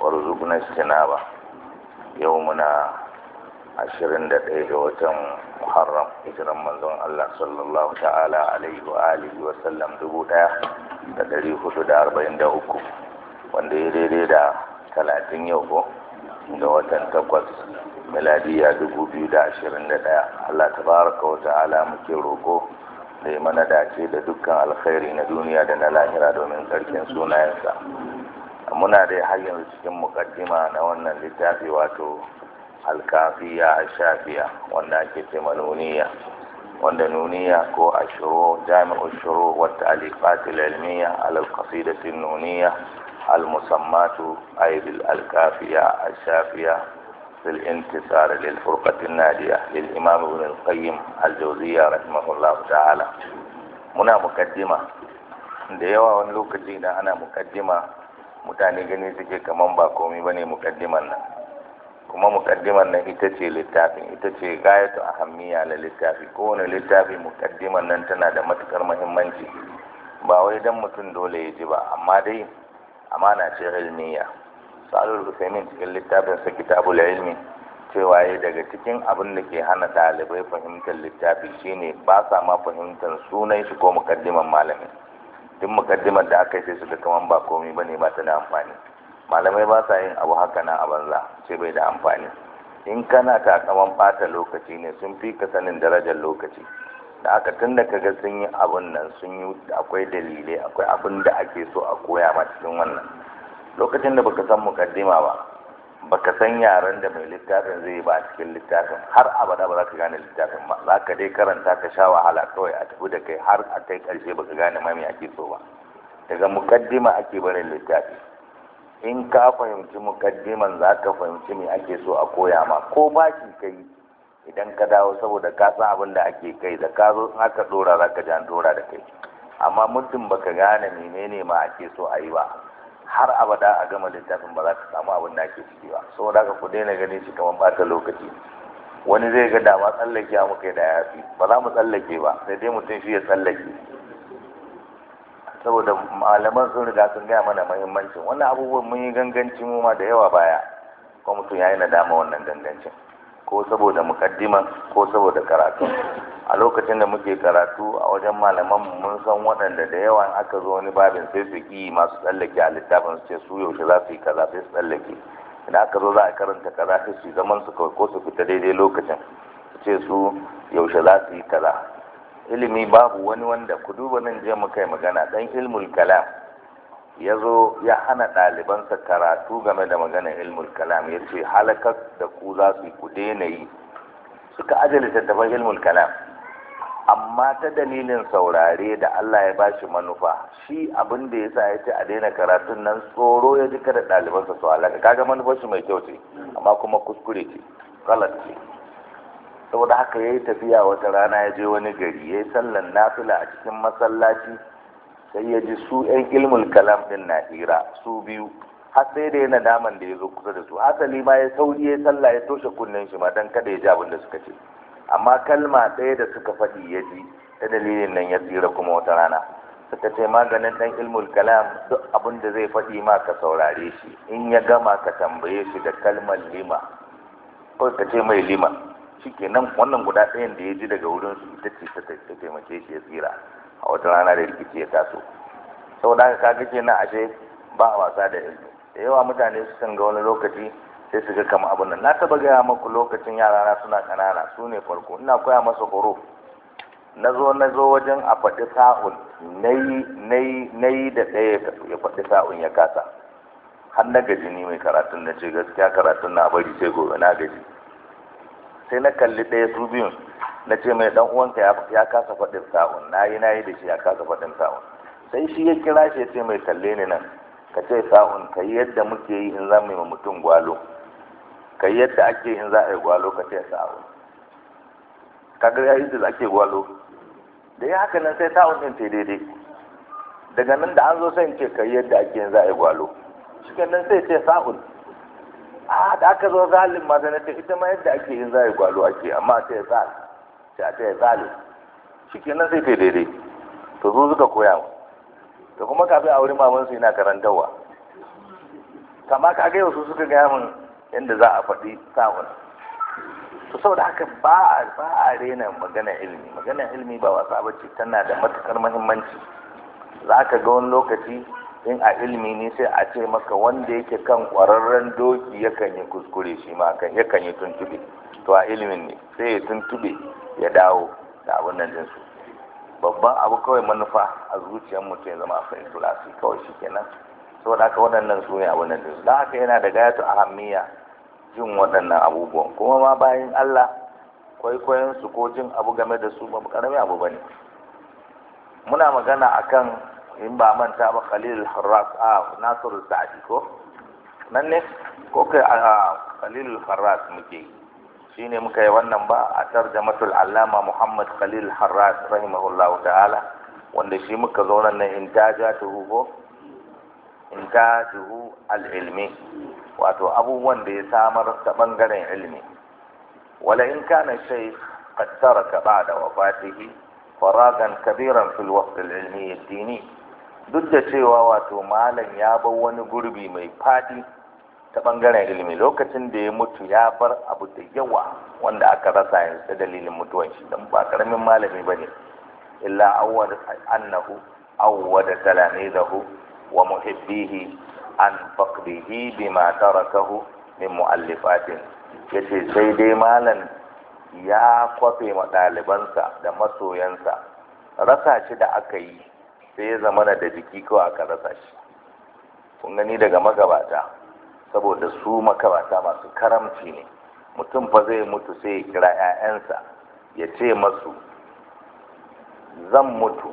warzuqna istinaba yau muna ashirin da ɗaya ga watan Muharram hijiran manzon Allah sallallahu ta'ala alaihi wa alihi wa sallam uku wanda ya daidai da talatin yau ko da watan takwas miladiya ɗaya Allah tabaraka wa ta'ala muke roko da ya mana dace da dukkan alkhairi na duniya da na lahira domin tsarkin sunayensa muna dai har yanzu cikin mukaddima na wannan littafi wato alkafiya a shafiya wanda ake ce manuniya wanda nuniya ko ashiro jami'u shiro wata alifatul ilmiya alalqasidatin nuniya almusammatu aibil alkafiya a shafiya في nadiya lil imam ibn al qayyim al jawziya rahimahullah ta'ala muna mukaddima da yawa wani lokaci da ana mukaddima mutane gani suke kaman ba komai bane mukaddiman nan kuma mukaddiman nan ita ce littafin ita ce gayatu ahammiya la littafi kowane littafi mukaddiman nan tana da matukar muhimmanci ba wai dan mutum dole ya ji ba amma dai amana ce ilmiya salul husaimin cikin littafin sa kitabul ilmi cewa ya daga cikin abin da ke hana ɗalibai fahimtar littafi shine ba sa ma fahimtar sunan shi ko mukaddiman malamin duk mukaddimar da aka yi su da kaman ba komai bane ba ta da amfani malamai ba sa yin abu haka nan a banza ce bai da amfani in kana kaman bata lokaci ne sun fi ka sanin darajar lokaci da aka tun da kaga sun yi abun nan sun yi akwai dalilai akwai abin da ake so a koya ma cikin wannan lokacin da baka san mukaddima ba baka san yaran da mai littafin zai yi ba a cikin littafin har abada ba za ka gane littafin ba za ka dai karanta ka sha wahala kawai a tafi da kai har a kai karshe baka gane ma ake so ba daga mukaddima ake barin littafi in ka fahimci mukaddiman za ka fahimci me ake so a koya ma ko ba ki kai idan ka dawo saboda ka san abin da ake kai da ka zo in aka dora za ka ja ɗora da kai amma mutum baka gane menene ma ake so a yi ba har abada a gama littafin ba za ka samu abin da ake ciki ba saboda haka ku daina ganin shi kamar bata lokaci wani zai ga dama tsallake a muka da ya fi ba za mu tsallake ba sai dai mutum shi ya tsallake saboda malaman sun riga sun gaya mana mahimmancin wannan abubuwan mun yi gangancin mu ma da yawa baya kuma mutum ya yi nadama wannan gangancin ko saboda mukaddima ko saboda karatu a lokacin da muke karatu a wajen malaman mun san waɗanda da yawa aka zo wani babin sai su ki masu tsallake a littafin su ce su yaushe za su yi kaza sai su tsallake idan aka zo za a karanta kaza sai su zaman su kawai ko su fita daidai lokacin su ce su yaushe za su yi kaza ilimi babu wani wanda ku duba nan je mu kai magana dan ilmul kalam ya zo ya hana ɗalibansa karatu game da maganar ilmul kalam ya ce halakar da ku za su ku daina yi suka ajiye littattafan ilmul kalam amma ta dalilin saurare da Allah ya ba shi manufa shi abin da ya sa ya ce a daina karatun nan tsoro ya ji kada ɗalibansa su halaka kaga manufar shi mai kyau ce amma kuma kuskure ce galat ce saboda haka ya yi tafiya wata rana ya je wani gari ya yi sallan nafila a cikin masallaci sai ya ji su ɗan ilmul kalam ɗin na hira su biyu har sai da yana daman da ya zo kusa da su hasali ma ya sauri ya sallah ya toshe kunnen shi ma dan kada ya ji abin da suka ce amma kalma ɗaya da suka faɗi ya ji ta dalilin nan ya tsira kuma wata rana suka ce maganin ɗan ilmul kalam duk abin da zai faɗi ma ka saurare shi in ya gama ka tambaye shi da kalmar lima ko ka ce mai lima shi kenan wannan guda ɗayan da ya ji daga wurin su ita ce ta taimake shi ya tsira a wata rana da rikici ya taso Sau da ka ke kenan ashe ba a wasa da ilimi da yawa mutane su kan ga wani lokaci sai su ga kama abin nan na taba gaya maku lokacin yara na suna kanana su ne farko ina koya masa horo na zo na zo wajen a faɗi sa'un na yi da ɗaya ya faɗi sa'un ya kasa har na gaji ni mai karatun na ce gaskiya karatun na bari sai gobe na gaji sai na kalli ɗaya su biyun na ce mai dan uwanka ya kasa faɗin sa'un na yi na yi da shi ya kasa faɗin sa'un sai shi ya kira shi ya ce mai Talle ni nan ka ce sa'un ka yi yadda muke yi in za mu yi mutum gwalo ka yi yadda ake in za a yi gwalo ka ce sa'un ka ga yi da ake gwalo da ya haka nan sai sa'un ɗin sai daidai daga nan da an zo sai in ce ka yi yadda ake in za a yi gwalo shi nan sai ce sa'un a da aka zo zalim ma sai na ce ita ma yadda ake in za a yi gwalo ake amma sai sa'un sai a ce zalim shi nan sai ta daidai to zo suka koya mu to kuma kafin a wuri maman su yana karantarwa kama ka ga su suka gaya min yadda za a faɗi samun to saboda haka ba a ba a rena magana ilimi magana ilimi ba wasa bace tana da matukar muhimmanci za ka ga wani lokaci in a ilimi ne sai a ce maka wanda yake kan kwararren doki yakan yi kuskure shi ma yakan yi tuntube to a ilimin ne sai ya tuntube ya dawo da abin nan jinsu babban abu kawai manufa a zuciyar mutum ya zama a fahimtu lafi kawai shi kenan saboda haka waɗannan su ne abin nan jinsu don haka yana da gayatu a hamiya jin waɗannan abubuwan kuma ma bayan Allah kwaikwayon su ko jin abu game da su ba karamin abu ba ne muna magana akan in ba manta ba Khalil Harras a Nasiru sa'adi ko nan ne ko kai a Khalil Harras muke shi ne muka yi wannan ba a tarjamatul allama muhammad khalil harras rahimahullahu ta'ala wanda shi muka zauna na in ta ja al'ilmi wato abubuwan da ya samar ta bangaren ilmi wala in kana kattara qad taraka ba'da wafatihi faragan kabiran fil waqt ilmi dini duk da cewa wato malam ya bar wani gurbi mai fadi ta bangaren ilimi lokacin da ya mutu ya bar abu da yawa wanda aka rasa yanzu da dalilin mutuwan shi don ba karamin malami ba ne illa awwada annahu awwada talamidahu wa muhibbihi an faqdihi bima tarakahu min mu'allifatin yace sai dai malam ya kwafe ma ɗalibansa da masoyansa rasa shi da aka yi sai ya zamana da jiki ko aka rasa shi kun gani daga magabata saboda su makarata masu karamci ne mutum fa zai mutu sai ya kira 'ya'yansa ya ce masu zan mutu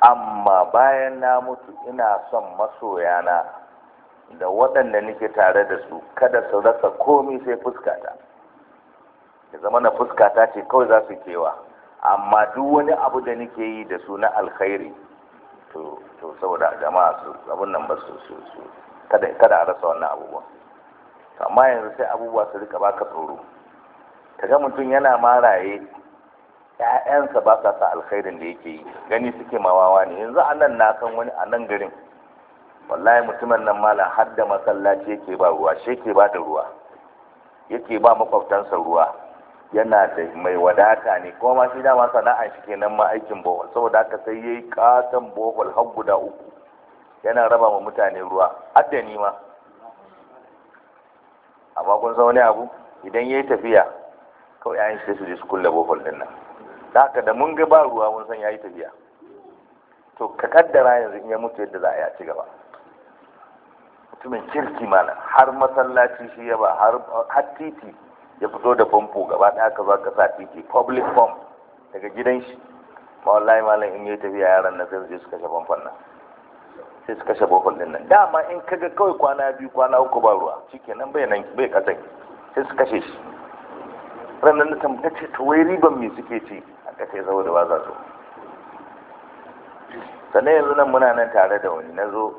amma bayan na mutu ina son masoya na, da waɗanda nake tare da su kada su rasa komi sai fuskata ya zama na fuskata ce kawai za su kewa amma duk wani abu da nake yi da su na alkhairi to saboda jama'a su abin nan ba su su kada a rasa wannan abubuwan amma yanzu sai abubuwa su rika baka tsoro kaga mutum yana maraye ƴaƴansa ba sa sa alkhairin da yake yi gani suke mawawa ne yanzu a nan na kan wani a nan garin wallahi mutumin nan malam har da masallaci yake ba ruwa shi yake ba da ruwa yake ba makwabtansa ruwa yana da mai wadata ne kuma ma shi dama sana'ar shi kenan ma aikin bohol saboda haka sai yayi katon bohol har guda uku yana raba ma mutane ruwa hadda ni ma amma kun san wani abu idan yayi tafiya kawai ayin shi su su kulle bofol din nan da haka da mun ga ba ruwa mun san yayi tafiya to ka kaddara yanzu in ya mutu yadda za a ya ci gaba mutumin kirki mana har masallaci shi ya ba har titi ya fito da famfo gaba ɗaya ka zo ka sa titi public form daga gidan shi ma wallahi malam in yi tafiya yaran na sai su je su kashe famfon nan sai su kashe bohol din nan dama in kaga kawai kwana biyu kwana uku ba ruwa shikenan bai nan bai kasan sai su kashe shi ranar da tambaya ce to wai riban me suke ci a kace saboda ba za su sannan yanzu nan muna nan tare da wani na zo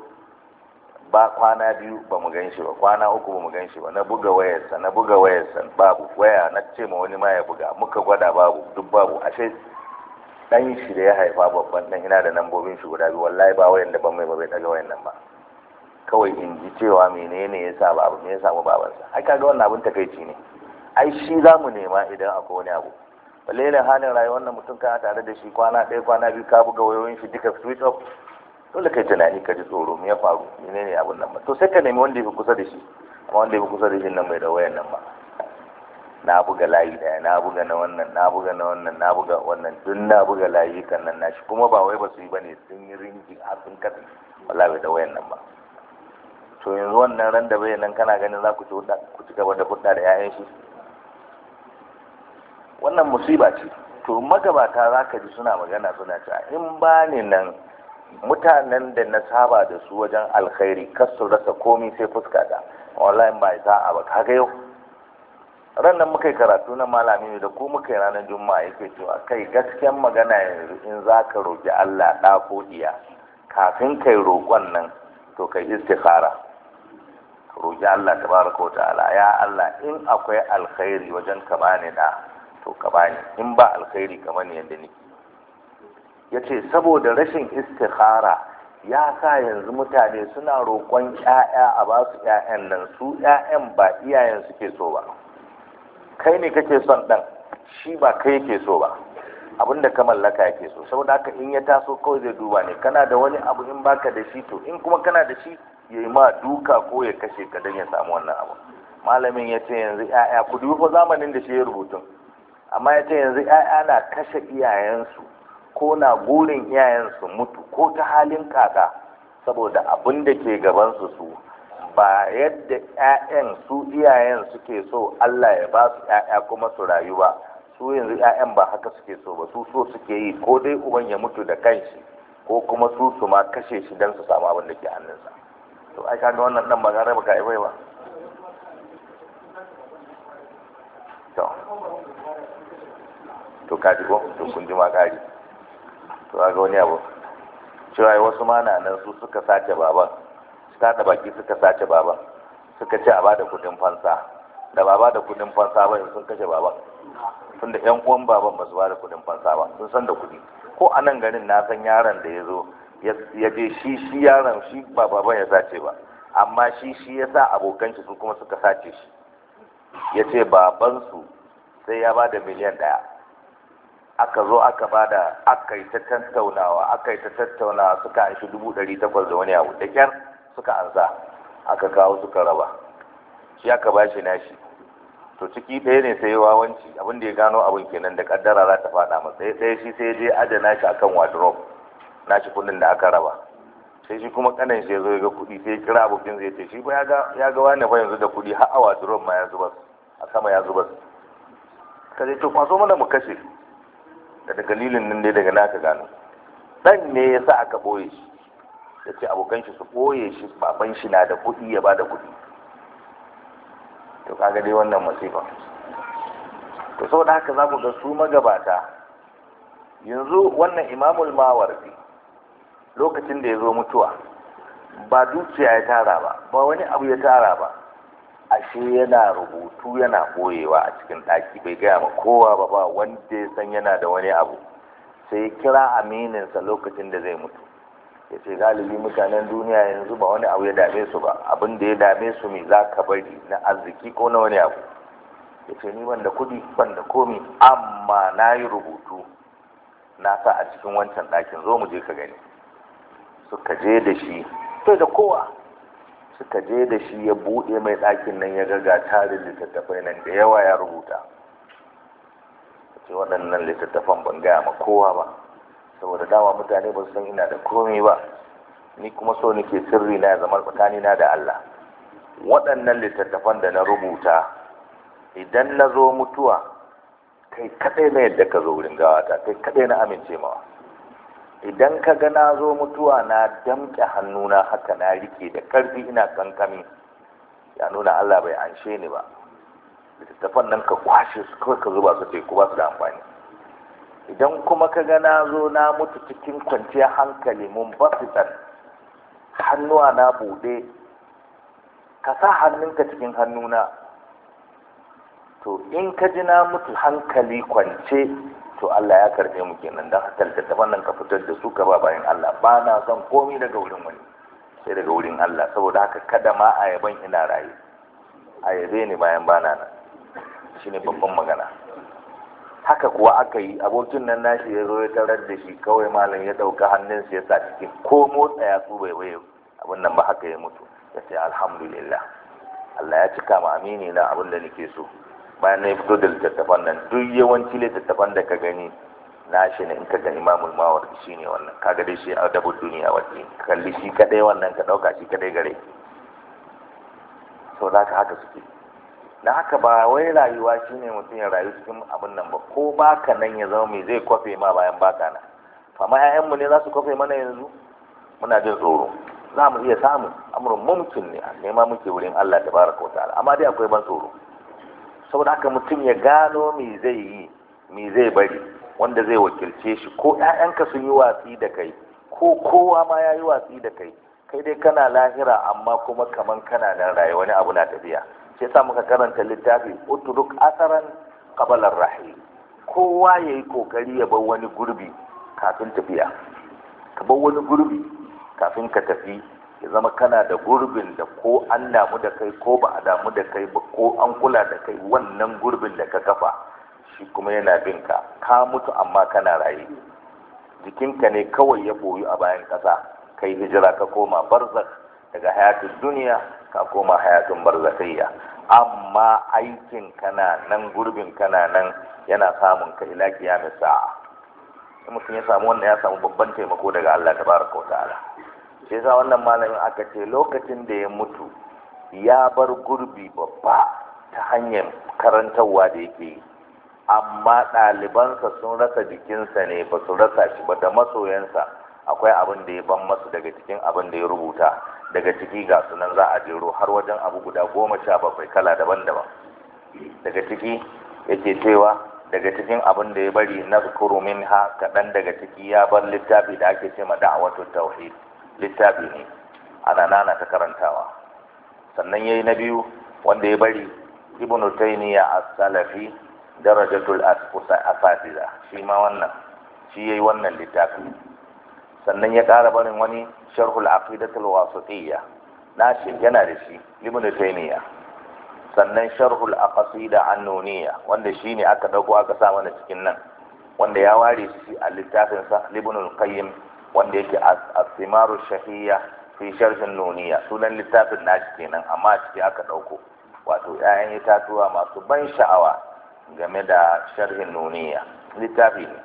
ba kwana biyu ba mu gan shi ba kwana uku ba mu gan shi ba na buga wayarsa na buga wayarsa babu waya na ce ma wani ma ya buga muka gwada babu duk babu ashe dan shi da ya haifa babban dan ina da nambobin shi guda biyu wallahi ba wayan da ban mai ba bai daga wayan nan ba kawai in ji cewa menene ya sa ba me ya samu sa ai kaga wannan abin takeici ne ai shi za mu nema idan akwai wani abu balele halin rayuwar nan mutum kana tare da shi kwana ɗaya kwana biyu ka buga wayoyin shi duka switch off dole kai tunani ka ji tsoro me ya faru menene abin nan ba to sai ka nemi wanda ya fi kusa da shi amma wanda ya fi kusa da shi nan bai da wayan nan ba na buga layi daya na buga na wannan na buga na wannan na buga wannan dun na buga layi kan nan nashi kuma ba wai ba su yi bane sun yi ringi a sun wala bai da wayan nan ba to yanzu wannan ran da bai nan kana ganin za ku ci ku ci gaba da hudda da ƴaƴan shi wannan musiba ce to magabata za ka ji suna magana suna cewa in ba ni nan mutanen da na saba da su wajen alkhairi kar su rasa komi sai fuska ta wallahi ba a ba kaga yau ranar muka yi karatu na malami da ku muka yi ranar juma'a yake cewa kai gasken magana yanzu in za ka roƙi allah ɗa ko iya kafin kai roƙon nan to kai istikhara roƙi allah ta tabaraka wa ta'ala ya allah in akwai alkhairi wajen ka bani ɗa to ka bani in ba alkhairi ka bani yadda nake ya ce saboda rashin istikhara ya sa yanzu mutane suna roƙon 'ya'ya a ba su 'ya'yan nan su 'ya'yan ba iyayen suke so ba kai ne kake son ɗan shi ba kai yake so ba abin da ka mallaka yake so saboda haka in ya taso kawai zai duba ne kana da wani abu in baka da shi to in kuma kana da shi ya yi ma duka ko ya kashe ka don ya samu wannan abu malamin ya ce yanzu ya'ya ku dubi zamanin da shi ya rubutu. amma ya ce yanzu ya'ya na kashe iyayensu ko na gurin iyayensu mutu ko ta halin kaka saboda abin da ke gabansu su ba yadda 'ya'yan su iyayen suke so Allah ya ba su 'ya'ya kuma su rayu ba su yanzu 'ya'yan ba haka suke so ba su so suke yi ko dai uban ya mutu da kanshi ko kuma su su ma kashe shi don su samu abin da ke hannunsa to ai kaga wannan dan ba gare baka ibai ba to to kaji ko to kun ji ma kari to kaga wani abu cewa wasu ma na nan su suka sace baban ta da baki suka sace baban suka ce a bada kudin fansa da baba da kudin fansa ba sun kashe baban sun da yan uwan baban ba su bada kudin fansa ba sun san da kudi ko a nan garin na san yaron da ya zo ya je shi shi yaron shi ba baban ya sace ba amma shi shi ya sa abokan shi su kuma suka sace shi ya ce baban su sai ya bada miliyan ɗaya aka zo aka da aka yi ta tattaunawa aka yi ta tattaunawa suka an shi dubu ɗari takwas da wani abu da kyar suka ansa aka kawo suka raba shi aka ba shi nashi to ciki ɗaya ne sai wawanci abin da ya gano abin kenan da kaddara za ta faɗa masa ɗaya shi sai je aje nashi akan wardrobe nashi kuɗin da aka raba sai shi kuma kanan shi ya zo ga kuɗi sai kira abokin zai ce shi ba ya ga wani ba yanzu da kuɗi har a wardrobe ma ya zuba a sama ya zuba ka je to kwaso mana mu kashe da dalilin nan dai daga naka gano dan ne yasa aka ɓoye shi ya ce abokan shi su ɓoye shi baban shi na da kuɗi ya ba da kuɗi to kaga dai wannan masifa to sau da haka za ku ga su magabata yanzu wannan imamul mawardi lokacin da ya zo mutuwa ba dukiya ya tara ba ba wani abu ya tara ba ashe yana rubutu yana boyewa a cikin ɗaki bai gaya ma kowa ba ba wanda ya san yana da wani abu sai ya kira amininsa lokacin da zai mutu ya ce galibi mutanen duniya yanzu ba wani abu ya dame su ba abin da ya dame su me za ka bari na arziki ko na wani abu ya ce ni wanda kudi wanda komi amma na yi rubutu na sa a cikin wancan ɗakin zo mu je ka gani suka je da shi sai da kowa suka je da shi ya buɗe mai ɗakin nan ya gaga tarin littattafai nan da yawa ya rubuta ce waɗannan littattafan ban gaya ma kowa ba saboda dama mutane ba su san ina da komai ba ni kuma so nake sirri na zama tsakani na da Allah waɗannan littattafan da na rubuta idan na zo mutuwa kai kadai na yadda ka zo wurin gawata kai kadai na amince mawa idan ka ga na zo mutuwa na damƙe hannuna haka na rike da ƙarfi ina kankami ya nuna Allah bai anshe ni ba littattafan nan ka kwashe su kawai ka zuba su teku ba su da amfani idan kuma ka ga na zo na mutu cikin kwanciyar hankali mun basitar hannuwa na buɗe ka sa hannunka cikin hannuna to in ka ji na mutu hankali kwance to Allah ya karfe mu kenan don haka littattafan nan ka fitar da su gaba bayan Allah ba na son komi daga wurin wani sai daga wurin Allah saboda haka kada ma ayaban ina raye a yabe ni bayan bana nan shine babban magana haka kuwa aka yi abokin nan nashi ya zo ya tarar da shi kawai malam ya ɗauka hannun ya sa cikin ko motsa ya su bai waye abin nan ba haka ya mutu ya ce alhamdulillah Allah ya cika ma amini na abin da nake so bayan na fito da littattafan nan duk yawanci littattafan da ka gani na shi ne in ka gani mamul mawar shi ne wannan ka gade shi a duniya wajen kalli shi kadai wannan ka ɗauka shi kadai gare sau da haka suke da haka ba wai rayuwa shine mutum ya rayu cikin abin nan ba ko baka nan ya zama mai zai kwafe ma bayan baka na amma ƴaƴanmu ne za su kwafe mana yanzu muna jin tsoro za mu iya samu amurin mumkin ne a nema muke wurin Allah da baraka wa ta'ala amma dai akwai ban tsoro saboda haka mutum ya gano me zai yi mai zai bari wanda zai wakilce shi ko ƴaƴanka sun yi watsi da kai ko kowa ma ya yi watsi da kai kai dai kana lahira amma kuma kaman kana nan rayuwa wani abu na tafiya shi yasa muka karanta littafi utruk asaran kabalar rahi kowa yayi kokari ya bar wani gurbi kafin tafiya ka bar wani gurbi kafin ka tafi ya zama kana da gurbin da ko an damu da kai ko ba a damu da kai ba ko an kula da kai wannan gurbin da ka kafa shi kuma yana bin ka ka mutu amma kana raye jikinka ne kawai ya boyu a bayan ƙasa kai hijira ka koma barzak daga hayatin duniya ka koma hayatun barzakayya amma aikin kana nan gurbin kana nan yana samun ka ila kiyamis sa'a in mutum ya samu wannan ya samu babban taimako daga Allah ta wa ta'ala shi yasa wannan malamin aka ce lokacin da ya mutu ya bar gurbi babba ta hanyar karantarwa da yake yi amma ɗalibansa sun rasa jikinsa ne ba su rasa shi ba da masoyansa akwai abin da ya ban masu daga cikin abin da ya rubuta daga ciki ga sunan za a jero har wajen abu guda goma sha bakwai kala daban-daban daga ciki yake cewa daga cikin abin da ya bari na min ha kaɗan daga ciki ya bar littafi da ake ce ma wato tauhid littafi ne ana nana ta karantawa sannan ya yi na biyu wanda ya bari ibn taymiya as-salafi darajatul a asatiza shi ma wannan shi yayi wannan littafi sannan ya ƙara barin wani sharhul aqidatul wasatiyya shi yana da shi ibn taymiya sannan sharhul aqsida annuniya wanda shi ne aka dauko aka sa mana cikin nan wanda ya ware shi a littafin sa ibn al-qayyim wanda yake as-simaru shahiyya fi sharh an-nuniya sunan littafin shi kenan amma ciki aka dauko wato 'ya'yan itatuwa masu ban sha'awa game da sharhin nuniya littafi ne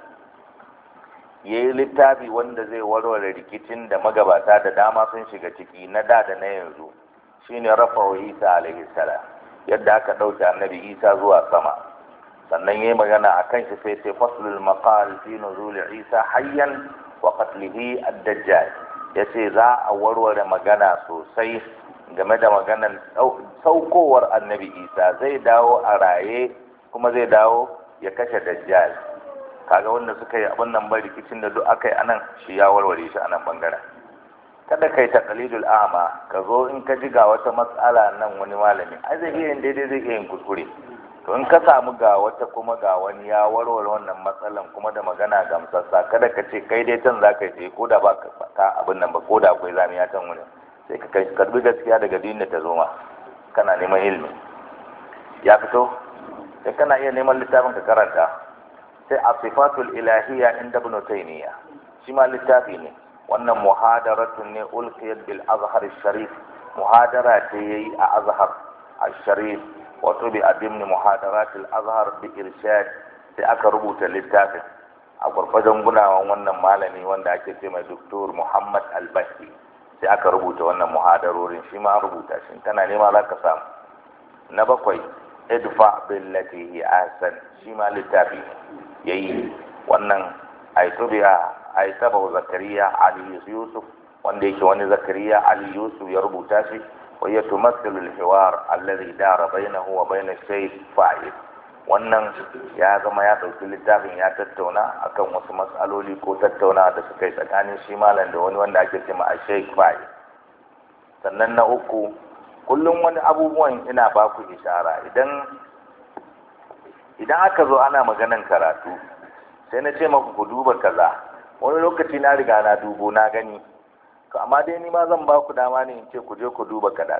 ya yi littafi wanda zai warware rikicin da magabata da dama sun shiga ciki na da da na yanzu shine wa isa alaihissala yadda aka ɗauke annabi isa zuwa sama sannan yayi magana a kan shi sai sai faslul maqal fi isa hayyan wa qatlihi ad-dajjal ce za a warware magana sosai game da maganan saukowar annabi isa zai dawo a raye kuma zai dawo ya kashe dajjal kaga wanda suka yi abin nan bai rikicin da duk aka yi anan shi ya warware shi anan bangaren kada kai ta kalidul a'ma ka zo in ka ji ga wata matsala nan wani malami ai zai iya yin daidai zai iya yin kuskure to in ka samu ga wata kuma ga wani ya warware wannan matsalan kuma da magana gamsassa kada ka ce kai dai can zaka je ko da ba ka abin nan ba ko da akwai zamiya can wani sai ka karbi gaskiya daga dinin ta zo ma kana neman ilimi ya fito sai kana iya neman littafin ka karanta sai a sifatul ilahiyya inda ibn taymiya shi ma littafi ne wannan muhadaratun ne ulqiyat bil azhar sharif muhadara ta yayi a azhar sharif wato bi adimni muhadarat al azhar bi irshad sai aka rubuta littafin a gurbadan gunawan wannan malami wanda ake ce mai doktor Muhammad al bashi sai aka rubuta wannan muhadarorin shi ma rubuta shi tana nema za ka samu na bakwai idfa billati hi ahsan shi ma littafi ne yayi wannan aitubiya aitaba zakariya ali yusuf wanda yake wani zakariya ali yusuf ya rubuta shi wa ya tumassilu al-hiwar alladhi dara bainahu wa bain shaykh fa'id wannan ya zama ya dauki littafin ya tattauna akan wasu matsaloli ko tattauna da suka yi tsakanin shi malam da wani wanda ake cewa a shaykh fa'id sannan na uku kullum wani abubuwan ina baku ishara idan idan aka zo ana maganan karatu sai na ce maku ku duba kaza wani lokaci na riga na dubo na gani to amma dai ni ma zan ba ku dama ne in ce ku je ku duba kaza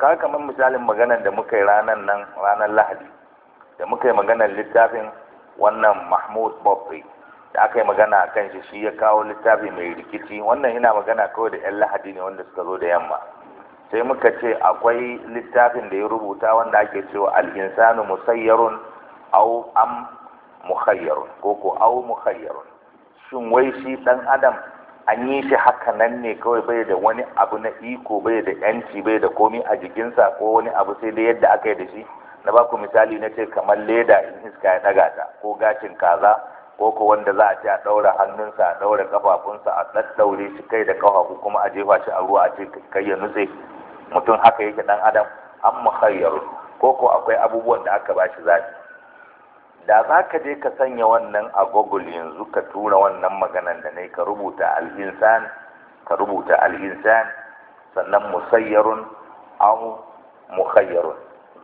ka kamar misalin maganan da muka yi ranar nan ranar lahadi da muka yi maganar littafin wannan mahmud bobri da aka yi magana a kan shi shi ya kawo littafi mai rikici wannan yana magana kawai da 'yan lahadi ne wanda suka zo da yamma sai muka ce akwai littafin da ya rubuta wanda ake cewa al'insanu musayyarun au am mukhayyarun ko ko au mukhayyarun shin wai shi dan adam an yi shi haka nan ne kawai bai da wani abu na iko bai da yanci bai da komi a jikinsa ko wani abu sai dai yadda aka yi da shi na ba ku misali na ce kamar leda in iska ya daga ta ko gashin kaza ko ko wanda za a ce a daura hannunsa a daura kafafunsa a daddaure shi kai da kafafu kuma a jefa shi a ruwa a ce kai ya nutse mutum haka yake dan adam an mukhayyaru ko ko akwai abubuwan da aka ba shi zaɓi da za ka je ka sanya wannan a google yanzu ka tura wannan maganan da ne ka rubuta al'insan ka rubuta al'insan sannan musayyarun au mukhayyarun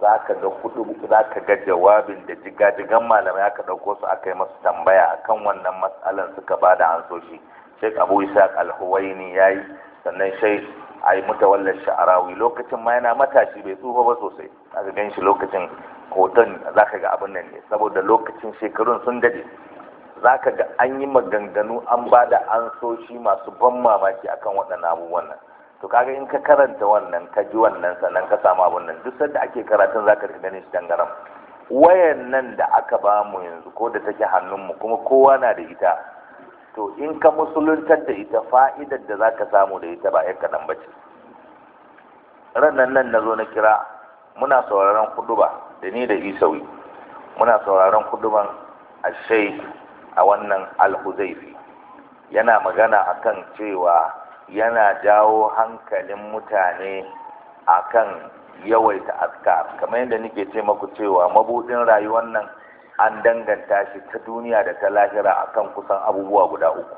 za ka ga kudu za ka ga jawabin da jigajigan malamai aka ɗauko su aka yi masu tambaya akan wannan matsalan suka ba da hansoshi sheikh abu isaac alhuwaini ya yi sannan sheikh ai mutawallar sha'arawi lokacin ma yana matashi bai tsufa ba sosai aka gan shi lokacin hoton za ka ga abin nan ne saboda lokacin shekarun sun dade za ka ga an yi maganganu an ba da an masu ban mamaki akan waɗannan abubuwan nan to kaga in ka karanta wannan ka ji wannan sannan ka samu abin nan duk sanda ake karatun za ka ganin shi dangaram wayan nan da aka ba mu yanzu ko da take hannunmu kuma kowa na da ita to in ka musuluntar da ita fa'idar da za ka samu da ita ba 'yan kaɗan ba ce nan nan na zo na kira muna sauraron kuduba da ni da isawi muna sauraron kuduban ashai a wannan alhuzaifi yana magana akan cewa yana jawo hankalin mutane akan yawaita aska. kamar yadda nake ce maku cewa mabudin rayuwar nan an danganta shi ta duniya da ta lahira akan kusan abubuwa guda uku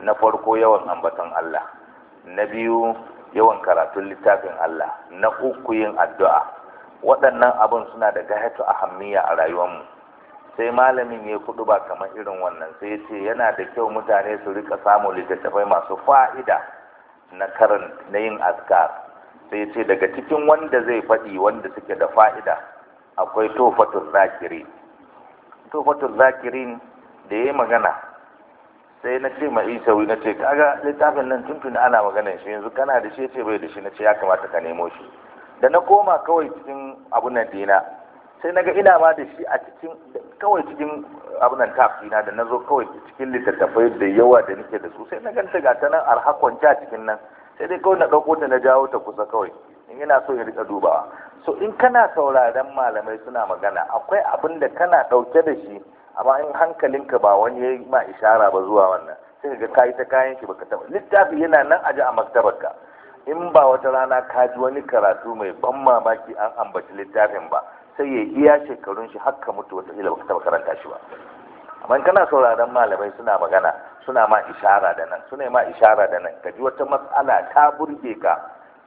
na farko yawan ambaton Allah na biyu yawan karatun littafin Allah na uku yin addu'a waɗannan abin suna da gahatu hammiya a rayuwar mu. sai malamin ya kudu ba kamar irin wannan sai ce yana da kyau mutane su rika samu littattafai masu fa'ida na karin na yin askar sai ce daga cikin wanda zai faɗi wanda suke da fa'ida akwai tofatun zakiri tofatun zakirin da ya yi magana sai na ce ma isa na ce kaga littafin nan tuntuni ana maganar shi yanzu kana da shi ce bai da shi na ce ya kamata ka nemo shi da na koma kawai cikin abun nan dina sai na ga ina ma da shi a cikin kawai cikin abun nan da na zo kawai cikin littattafai da yawa da nake da su sai na ganta ga ta nan arhakon ja cikin nan sai dai kawai na ɗauko ta na jawo ta kusa kawai in ina so in rika dubawa so in kana sauraron malamai suna magana akwai abin da kana ɗauke da shi amma in hankalinka ba wani ya ma ishara ba zuwa wannan sai ka ga yi ta kayan shi baka taɓa littafi yana nan aji a maktabarka in ba wata rana ka ji wani karatu mai ban mamaki an ambaci littafin ba sai ya iya shekarun shi haka mutu wata ila baka taba karanta shi ba amma kana sauraron malamai suna magana suna ma ishara da nan suna ma ishara da nan ka ji wata matsala ta burge ka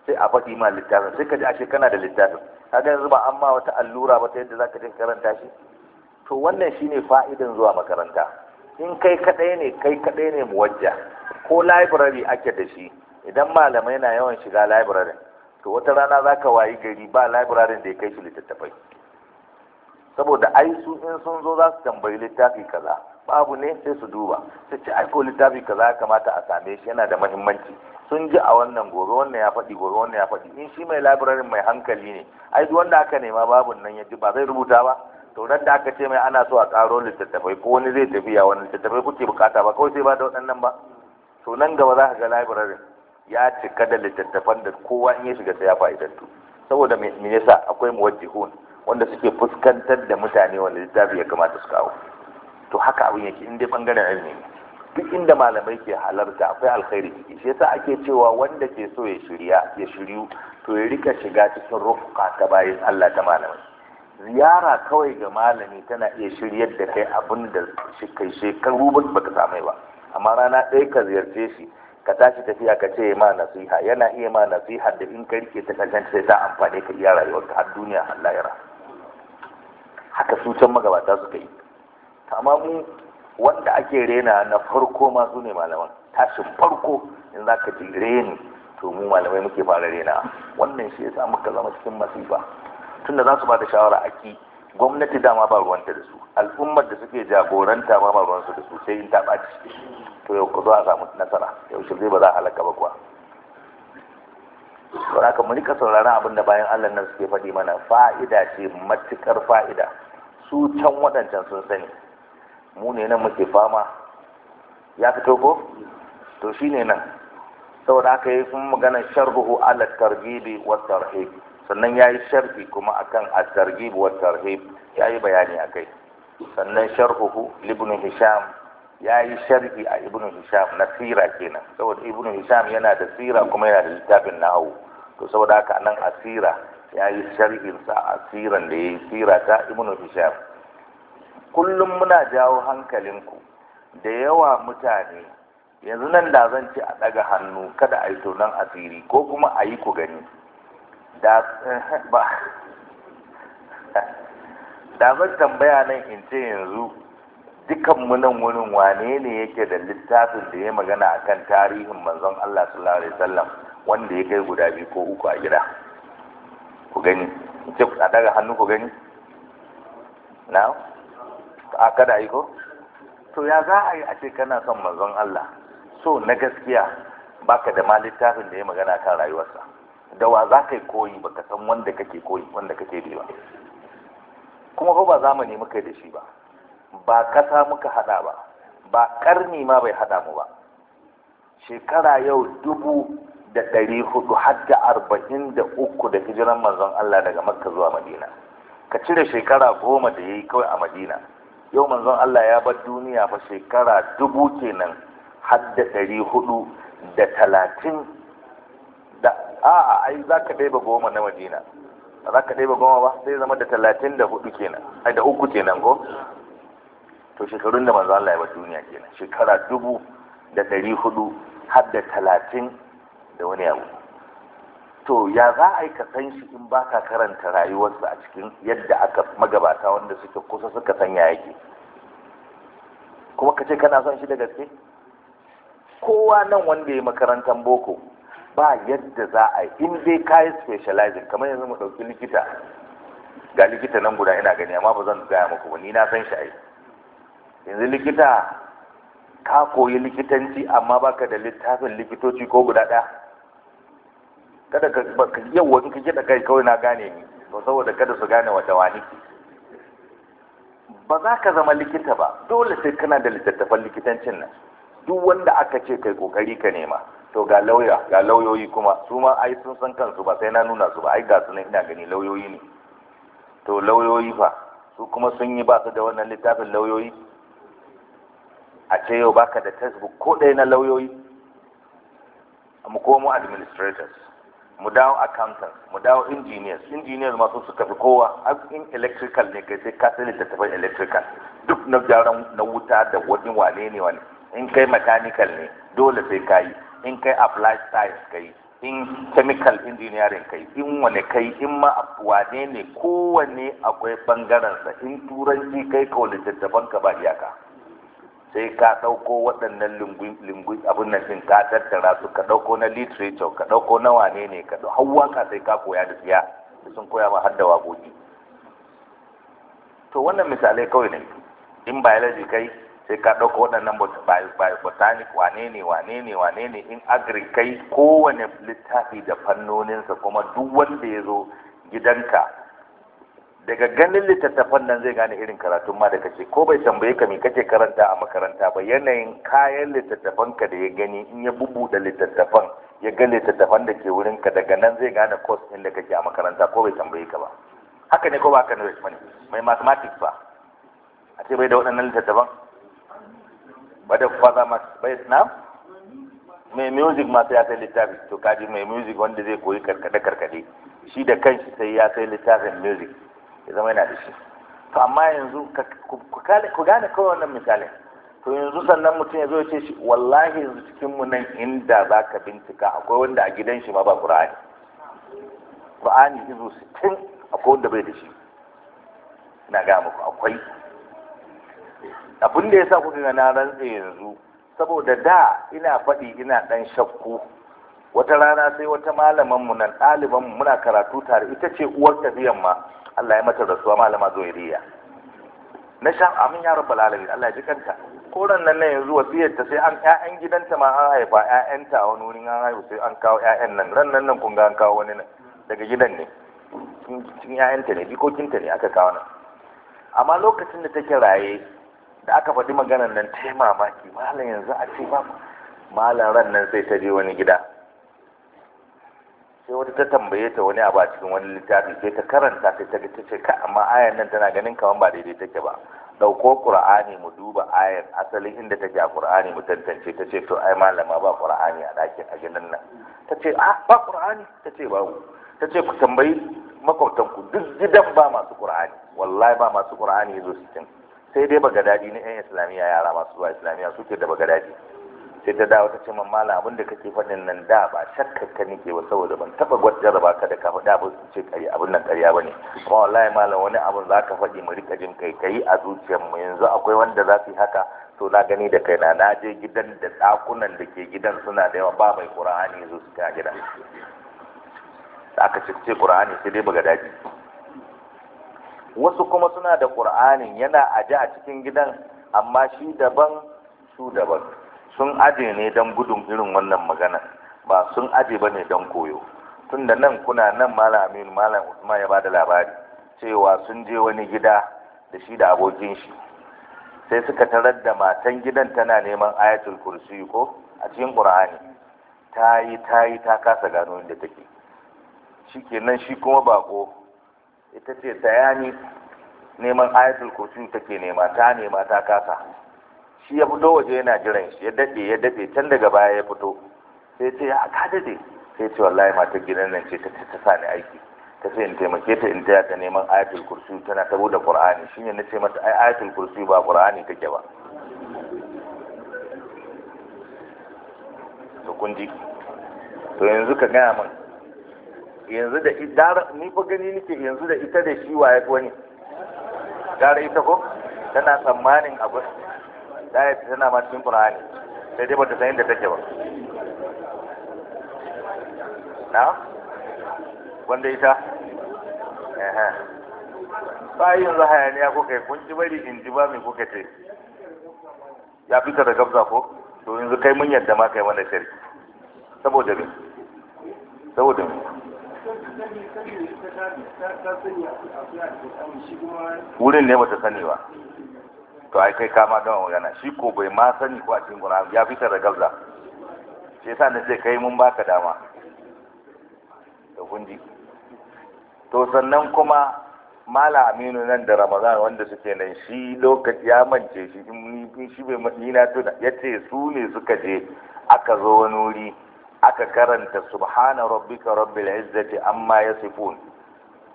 sai a faɗi ma littafin sai ka ji ashe kana da littafin kaga yanzu ba an ma wata allura ba ta yadda ka je karanta shi to wannan shine fa'idan zuwa makaranta in kai kadai ne kai kadai ne muwajja ko library ake da shi idan malamai na yawan shiga labirarin to wata rana za ka wayi gari ba labirarin da ya kai shi littattafai saboda ai su in sun zo za su tambayi littafi kaza babu ne sai su duba sai ce ai ko littafi kaza ya kamata a same shi yana da mahimmanci sun ji a wannan gobe wannan ya faɗi gobe wannan ya faɗi in shi mai labirarin mai hankali ne ai duk wanda aka nema babu nan ya ji ba zai rubuta ba to nan da aka ce mai ana so a ƙaro littattafai ko wani zai tafiya wani littattafai kuke bukata ba kawai sai ba da waɗannan ba to nan gaba za ka ga labirarin ya cika da littattafan da kowa in ya shiga sai ya fa'idantu saboda me yasa akwai muwajjihun wanda suke fuskantar da mutane wanda littafi ya kamata su kawo to haka abin yake in dai bangaren ilimi duk inda malamai ke halarta akwai alkhairi ciki shi yasa ake cewa wanda ke so ya shirya ya shiryu to ya rika shiga cikin rufuka ta bayan Allah ta malamai ziyara kawai ga malami tana iya shiryar da kai abin da kai shekaru ba ka samai ba amma rana ɗaya ka ziyarce shi ka tashi tafiya ka ce ma nasiha yana iya ma nasiha da in ka rike ta kasance sai ta amfane ka iya rayuwar ta har duniya har lahira haka su can magabata suka yi amma mu wanda ake rena na farko ma su ne malaman tashin farko in za ka ji reni to mu malamai muke fara rena wannan shi yasa muka zama cikin masifa tunda za su ba da shawara a ki gwamnati dama ba ruwanta da su al'ummar da suke jagoranta ba ruwansu da su sai in ta ci to yau zo a samu nasara yau shi zai ba za a halaka ba kuwa to haka mu rika sauraron abin da bayan Allah nan suke faɗi mana fa'ida ce matukar fa'ida su can waɗancan sun sani mu ne nan muke fama ya fito ko to shine nan saboda haka yi sun magana sharhuhu ala targhibi wa tarhibi sannan ya yi sharhi kuma akan a targhib wa tarhib ya yi bayani a kai. sannan sharhuhu ibn hisham ya yi sharhi a ibn hisham na sira kenan saboda ibn hisham yana da sira kuma yana da littafin nahu. to saboda haka nan asira ya yi sharhin sa siran da ya yi sira ta ibn hisham kullum muna jawo hankalinku da yawa mutane yanzu nan da zan ci a ɗaga hannu kada a yi tonon asiri ko kuma a yi ku gani da ba da zan tambaya nan in ce yanzu dukan munan wurin wane ne yake da littafin da ya magana akan tarihin manzon Allah sallallahu alaihi wasallam wanda ya kai guda biyu ko uku a gida ku gani ce ku daga hannu ku gani na a kada yi ko to ya za a yi a ce kana son manzon Allah so na gaskiya baka da ma littafin da ya magana kan rayuwarsa da wa za ka yi koyi baka san wanda kake koyi wanda kake bi ba kuma ko ba zamani muka da shi ba ba kasa muka hada ba ba karni ma bai hada mu ba shekara yau dubu da ɗari hudu har da arba'in da uku da hijiran manzon Allah daga makka zuwa madina ka cire shekara goma da ya yi kawai a madina yau manzon Allah ya bar duniya fa shekara dubu kenan har da ɗari hudu da talatin a'a ai za ka ɗaiba goma na madina ba za ka ɗaiba goma ba sai zama da talatin da hudu kenan ai da uku kenan ko to shekarun da manzo Allah ya bar duniya kenan shekara dubu da ɗari hudu har da talatin da wani abu to ya za a yi ka san shi in ba ka karanta rayuwarsa a cikin yadda aka magabata wanda suke kusa suka san ya yake kuma ka ce kana son shi da gaske kowa nan wanda ya makarantar boko ba yadda za a yi in dai ka yi specializing kamar yanzu mu dauki likita ga likita nan guda ina gani amma ba zan gaya muku ba ni na san shi ai yanzu likita ka koyi likitanci amma baka da littafin likitoci ko guda ɗaya kada ka baka yau wani ka gida kai kawai na gane ni ba saboda kada su gane wata wani ba za ka zama likita ba dole sai kana da littattafan likitancin nan duk wanda aka ce kai kokari ka nema to ga lauya ga lauyoyi kuma su ma ai sun san kansu ba sai na nuna su ba ai ga su ina gani lauyoyi ne to lauyoyi fa su kuma sun yi ba su da wannan littafin lauyoyi a ce yau baka da textbook ko ɗaya na lauyoyi mu komo administrators mu dawo accountants mu dawo engineers engineers masu su tafi kowa in electrical ne kai sai ka sai littattafan electrical duk na jaran na wuta da wani wane ne wani in kai mechanical ne dole sai ka yi in kai applied science kai in chemical engineering kai in wane kai in ma wane ne kowane akwai bangaransa in turanci kai ka littattafan ka ba iyaka sai ka ɗauko waɗannan lingui abin nan ɗin ka tattara su ka ɗauko na literature ka ɗauko na wane ne ka ɗau hawa ka sai ka koya da tsiya da sun koya ma har da waƙoƙi to wannan misalai kawai ne in biology kai sai ka ɗauka waɗannan botanic wane ne wane ne wane ne in agrikai kai kowane littafi da fannoninsa kuma duk wanda ya zo gidanka daga ganin littattafan nan zai gane irin karatun ma da kace ko bai tambaye ka me kace karanta a makaranta ba yanayin kayan littattafan ka da ya gani in ya bubuɗe littattafan ya ga littattafan da ke wurin ka daga nan zai gane course din da kake a makaranta ko bai tambaye ka ba haka ne ko ba haka ne mai mathematics ba a ce bai da waɗannan littattafan bada faza masu bai na mai music ma ya sai littafi to kaji mai music wanda zai koyi karkade karkade shi da kanshi sai ya sai littafin music ya zama yana da shi to amma yanzu ku gane kawai wannan misalin to yanzu sannan mutum ya zo ya ce shi wallahi yanzu cikin mu nan inda za ka bincika akwai wanda a gidan shi ma ba qur'ani qur'ani izu sittin akwai wanda bai da shi ina ga muku akwai abin da sa kuka ga na rantse yanzu saboda da ina faɗi ina ɗan shakku wata rana sai wata malaman mu nan ɗaliban muna karatu tare ita ce uwar tafiyan ma Allah ya mata rasuwa malama zoiriya na sha amin ya rabbal alamin Allah ya ji kanta koran nan na yanzu wasiyar ta sai an ƴaƴan gidanta ma an haifa ƴaƴanta a wani wurin an haifa sai an kawo ƴaƴan nan ran nan nan kun ga an kawo wani nan daga gidan ne cikin ƴaƴanta ne jikokinta ne aka kawo nan amma lokacin da take raye da aka faɗi maganan nan ta yi mamaki malam yanzu a ce ba malam ran nan sai ta je wani gida sai wata ta tambaye ta wani abu a cikin wani littafi sai ta karanta sai ta ta ce ka amma ayan nan tana ganin kamar ba daidai take ba dauko qur'ani mu duba ayan asalin inda take a qur'ani mu tantance ta ce to ai malama ba qur'ani a ɗakin a ginin nan ta ce a ah, ba qur'ani ta ce ba ta ce ku tambayi makwabtanku duk gidan ba masu qur'ani wallahi ba masu qur'ani yazo sittin sai dai baga dadi na yan islamiyya yara masu zuwa islamiyya suke da dadi sai ta dawo ta ce mamma la abin da kake faɗin nan da ba shakkar ka nake ba saboda ban taba gwajar ba ka da ka ba su ce ƙarya abin nan ba bane amma wallahi malam wani abin za ka faɗi mu rika jin kai kai a mu yanzu akwai wanda za su yi haka to na gani da kaina na je gidan da dakunan da ke gidan suna da yawa ba mai ƙur'ani yanzu su ta gidan aka ce ƙur'ani sai dai baga daji wasu kuma suna da ƙur'anin yana aje a cikin gidan amma shi daban su daban sun aje ne don gudun irin wannan magana ba sun aje ba ne don koyo tunda nan kuna nan malam aminu malam usman ya bada labari cewa sun je wani gida da shi da abokin shi sai suka tarar da matan gidan tana neman ayatul kursi ko a cikin qur'ani ta yi ta yi ta kasa gano inda take shikenan shi kuma bako ita ce ta yani neman ayatul kursi take nema ta nema ta kasa shi ya fito waje yana jiran shi ya dade ya dade can daga baya ya fito sai ce ya ka dade sai ce wallahi matar gidan nan ce ta ta sani aiki ta ce in taimake ta in taya ta neman ayatul kursi tana ta da qur'ani shine na ce mata ai ayatul kursi ba qur'ani take ba to kun ji to yanzu ka gaya min yanzu da idara ni fa gani nake yanzu da ita da shi waye wani gara ita ko tana tsammanin abu daya ta tana ma cikin qur'ani sai dai bata san inda take ba na wanda ita eh yi yanzu hayaniya ko kai kun ji bari in ji ba mai kuka ce ya fita da gabza ko to yanzu kai mun yadda ma kai mana shirki saboda me saboda me wurin ne bata sani ba to ai kai kama don magana shi ko bai ma sani ko a cikin kuna ya fitar da gabza shi yasa na ce kai mun baka dama da kunji to sannan kuma mala aminu nan da ramadan wanda suke nan shi lokaci ya mance shi shi bai na tuna ya ce su ne suka je aka zo wani wuri aka karanta subhana rabbika rabbil izzati amma yasifun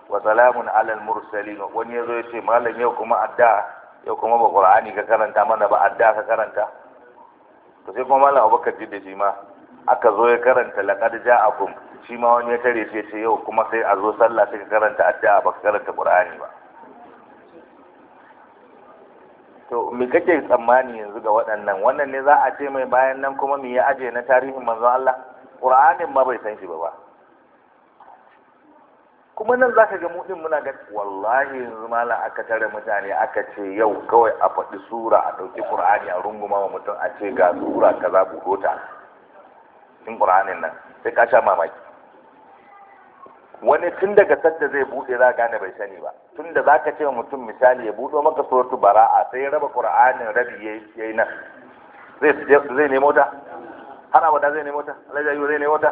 wa salamun alal mursalin wani yazo ya ce malam yau kuma adda yau kuma ba qur'ani ka karanta mana ba adda ka karanta to sai kuma malam abubakar jidda shi ma aka zo ya karanta laqad ja'akum shi ma wani ya tare shi ce yau kuma sai a zo sallah sai ka karanta adda ba ka karanta qur'ani ba to me kake tsammani yanzu ga waɗannan wannan ne za a ce mai bayan nan kuma me ya aje na tarihin manzon Allah ƙur'anin ma bai san shi ba ba kuma nan za ka ga mu din muna ga wallahi yanzu mala aka tare mutane aka ce yau kawai a faɗi sura a ɗauki ƙur'ani a runguma wa mutum a ce ga sura kaza buɗo ta in ƙur'anin nan sai ka sha mamaki wani tun daga sadda zai buɗe za gane bai sani ba tun da za ka ce wa mutum misali ya buɗo maka suratu bara'a sai ya raba ƙur'anin rabi ya yi nan zai nemo ta har abada zai nemo ta alhaji ayuba zai nemo ta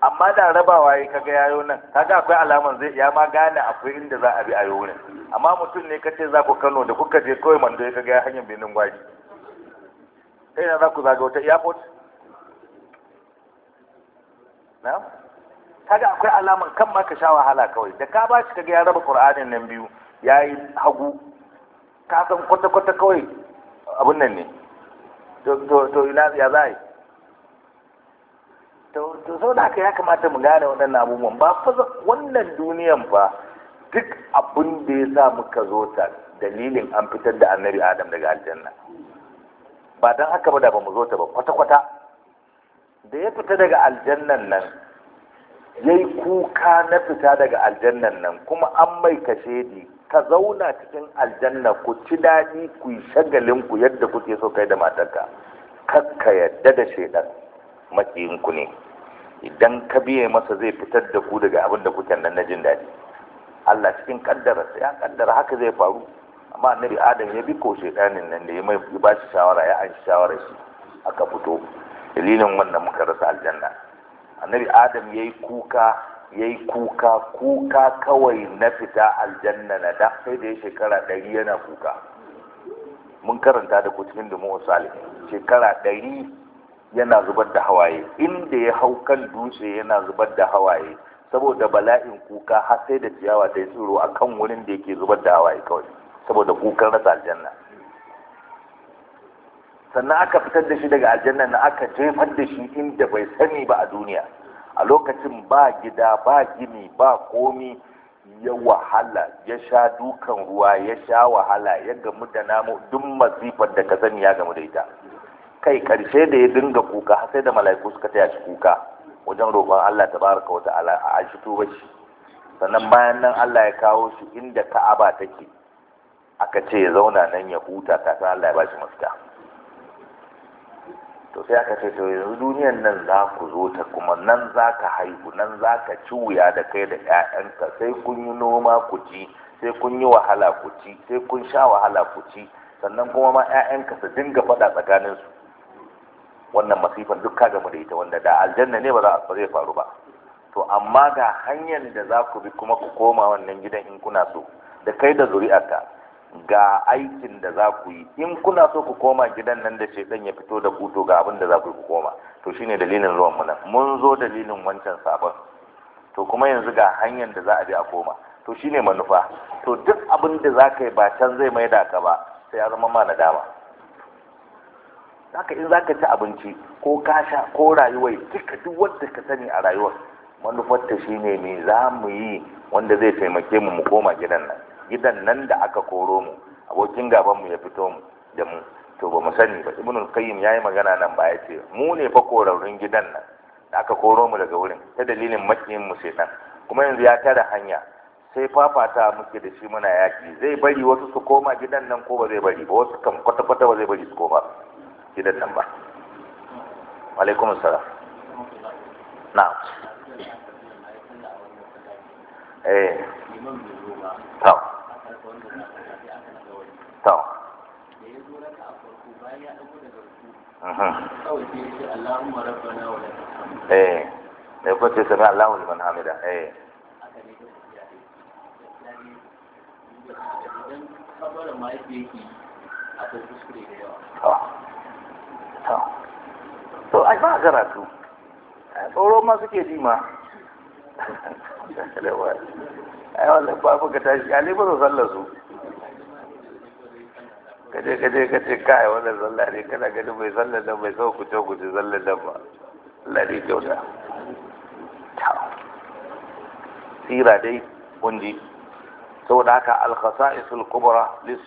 amma da rabawa yi kaga yayo nan kaga akwai alaman zai ya ma gane akwai inda za a bi ayo wurin amma mutum ne kace za ku Kano da kuka je kawai mando ya kaga hanyar Benin Gwaji sai za ku zaga wata airport na kaga akwai alaman kan ma ka sha wahala kawai da ka ba shi kaga ya raba Qur'anin nan biyu yayi hagu ka san kwata kwata kawai abun nan ne to ina ya zai to so da haka ya kamata mu gane waɗannan abubuwan ba fa wannan duniyan ba duk abin da ya sa muka zo ta dalilin an fitar da annabi adam daga aljanna ba don haka ba da ba mu zo ta ba kwata-kwata da ya fita daga aljannan nan yayi kuka na fita daga aljannan nan kuma an mai kashedi ka zauna cikin aljanna ku ci daɗi ku yi shagalin ku yadda kuke so kai da matarka kakka yadda da shaidan matsayin ne idan ka biya masa zai fitar da ku daga abin da kuke nan na jin daɗi Allah cikin kaddara ya kaddara haka zai faru amma annabi Adam ya bi ko shaidanin nan da ya mai ba shi shawara ya an shawara shi aka fito dalilin wannan muka rasa aljanna annabi Adam yayi kuka ya kuka kuka kawai na fita aljanna na da sai da ya shekara ɗari yana kuka mun karanta da cikin da salih shekara ɗari yana zubar da hawaye inda ya hau kan dutse yana zubar da hawaye saboda bala'in kuka har sai da ciyawa ta yi tsoro a kan wurin da yake zubar da hawaye kawai saboda kukan rasa aljanna sannan aka fitar da shi daga aljanna na aka jefar da shi inda bai sani ba a duniya a lokacin ba gida ba gini ba komi ya wahala ya sha dukan ruwa ya sha wahala ya gamu da namu duk masifar da ka sani ya gamu da ita kai karshe da ya dinga kuka sai da mala'iku suka taya shi kuka wajen roƙon Allah tabaraka wa ta'ala a shi tuba shi sannan bayan nan Allah ya kawo shi inda Ka'aba take aka ce ya zauna nan ya huta kafin Allah ya ba shi mafita to sai aka ce to yanzu duniyan nan za ku zo ta kuma nan za ka haihu nan za ka ci wuya da kai da 'ya'yanka sai kun yi noma ku ci sai kun yi wahala ku ci sai kun sha wahala ku ci sannan kuma ma 'ya'yanka su dinga faɗa tsakaninsu wannan masifan duk ka gama da ita wanda da aljanna ne ba za a zai faru ba to amma ga hanyar da za ku bi kuma ku koma wannan gidan in kuna so da kai da zuri'arka ga aikin da za ku yi in kuna so ku koma gidan nan da shekan ya fito da kuto ga abin da za ku ku koma to shine dalilin zuwan mu nan mun zo dalilin wancan sabon to kuma yanzu ga hanyar da za a bi a koma to shine manufa to duk abin da za ka yi ba can zai mai da ka ba sai ya zama ma nadama haka in za ka ci abinci ko ka sha ko rayuwa duka duk wanda ka sani a rayuwar manufarta shine me za mu yi wanda zai taimake mu mu koma gidan nan gidan nan da aka koro mu abokin gaban mu ya fito mu da mu to ba mu sani ba ibnu qayyim yayi magana nan ba ya ce mu ne fa korarrun gidan nan da aka koro mu daga wurin ta dalilin makiyin mu nan. kuma yanzu ya tara hanya sai fafata muke da shi muna yaki zai bari wasu su koma gidan nan ko ba zai bari ba wasu kam kwata kwata ba zai bari su koma gidan nan ba alaikum assalam na'am eh to eh da ya kwace sami Allahu liman hamida eh to ai ba karatu tsoro ma suke ji ma ai wannan ba ka tashi ya ba su sallar su kaje kaje kace kai wannan sallah ne kana gani mai sallar nan mai sau kuce kuce sallar nan ba Allah ne kyauta sira dai kunji saboda haka al-khasa'isul kubra lis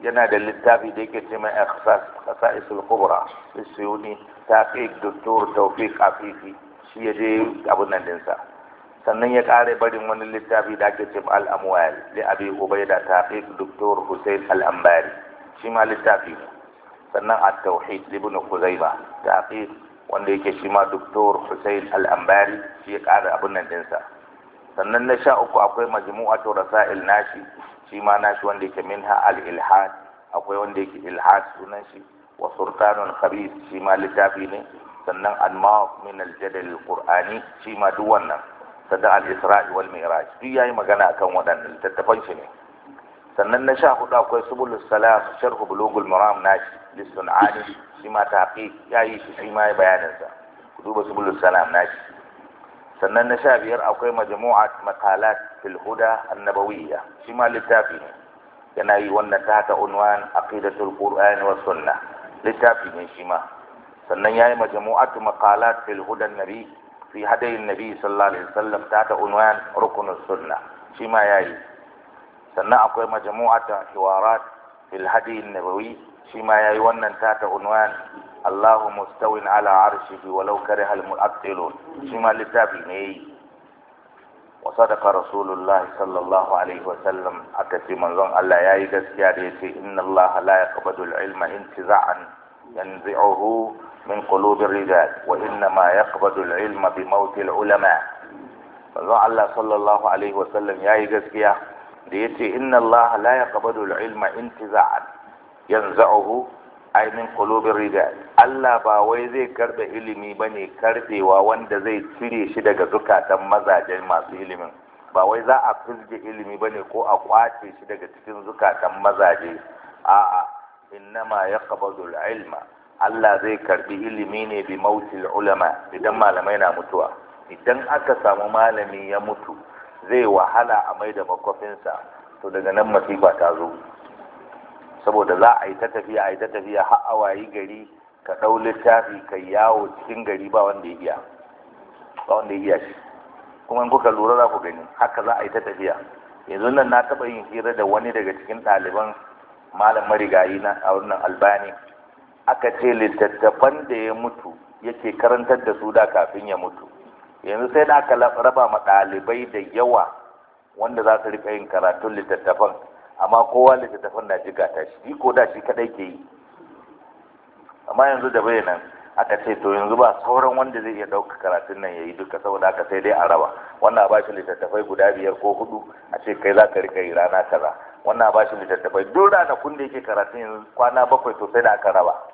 yana da littafi da yake cewa al-khasa'is khasa'isul kubra lis-suyuti taqiq doktor tawfiq afifi shi yaje abun nan dinsa sannan ya kare barin wani littafi da ake ce al'amwal li abi ubaida taqiq doktor hussein al'ambari shi ma littafi ne sannan a tauhid ibn kuzaiba taqiq wanda yake shi ma doktor hussein al'ambari shi ya kare abin nan dinsa sannan na sha uku akwai majmu'atu rasail nashi shi ma nashi wanda yake minha al-ilhad akwai wanda yake ilhad sunan shi wa sultanul khabir shi ma littafi ne sannan anma min al-jadal al-qur'ani shi ma duk wannan sannan al-isra'i wal mi'raj duk yayi magana akan waɗannan littattafan shi ne sannan na sha hudu akwai subulus salam sharhu bulugul maram nashi lissun ali shi ma taqiq yayi shi shi ma bayanin sa ku duba subulus salam nashi sannan na sha biyar akwai majmu'at maqalat fil huda annabawiyya shi ma littafi ne yana yi wannan ta ta unwan aqidatul qur'ani was sunna littafi ne shi ma sannan yayi majmu'at maqalat fil huda nabi fi hadayin nabi sallallahu alaihi wasallam ta ta unwan rukunin sunna shi ma ya yi. sannan akwai majmu'ata hiwarat fil hadayin nabawi shi ma ya yi wannan ta ta unwan Allahu mustawin ala arshihi walau kariha al mu'attilun shi ma littafi ne yayi wa sadaqa rasulullah sallallahu alaihi wasallam aka ce manzon Allah yayi gaskiya da yace inna Allah la yaqbalu al ilma intiza'an yanzi'uhu من قلوب الرجال وإنما يقبض العلم بموت العلماء فذو الله صلى الله عليه وسلم يا يجزكيا ديتي إن الله لا يقبض العلم انتزاعا ينزعه أي من قلوب الرجال الله باوي زي كرب علمي بني كربي ووند زي تشري شدق زكاة مزاجين ما في علمي ba wai za a fizge ilimi ba ne ko a kwace shi daga cikin zukatan mazaje a'a innama ya qabadul ilma Allah zai karbi ilimi ne bi mautil ulama idan malamai na mutuwa idan aka samu malami ya mutu zai wahala a mai da makwafinsa to daga nan masifa ta zo saboda za a yi ta tafiya a yi ta tafiya har a wayi gari ka ɗau littafi ka yawo cikin gari ba wanda ya iya ba wanda ya iya shi kuma in kuka lura za ku gani haka za a yi ta tafiya yanzu nan na taɓa yin hira da wani daga cikin ɗaliban malam marigayi na a wannan albani aka ce littattafan da ya mutu yake karantar da su da kafin ya mutu yanzu sai da aka raba ma ɗalibai da yawa wanda za su rika yin karatun littattafan amma kowa littattafan na jiga ta shi ko da shi kadai ke yi amma yanzu da bai nan aka ce to yanzu ba sauran wanda zai iya ɗauka karatun nan ya yi duka saboda aka sai dai a raba wannan ba shi littattafai guda biyar ko hudu a ce kai za ka rika yi rana kaza wannan ba shi littattafai duk ranakun da yake karatun yanzu kwana bakwai to sai da aka raba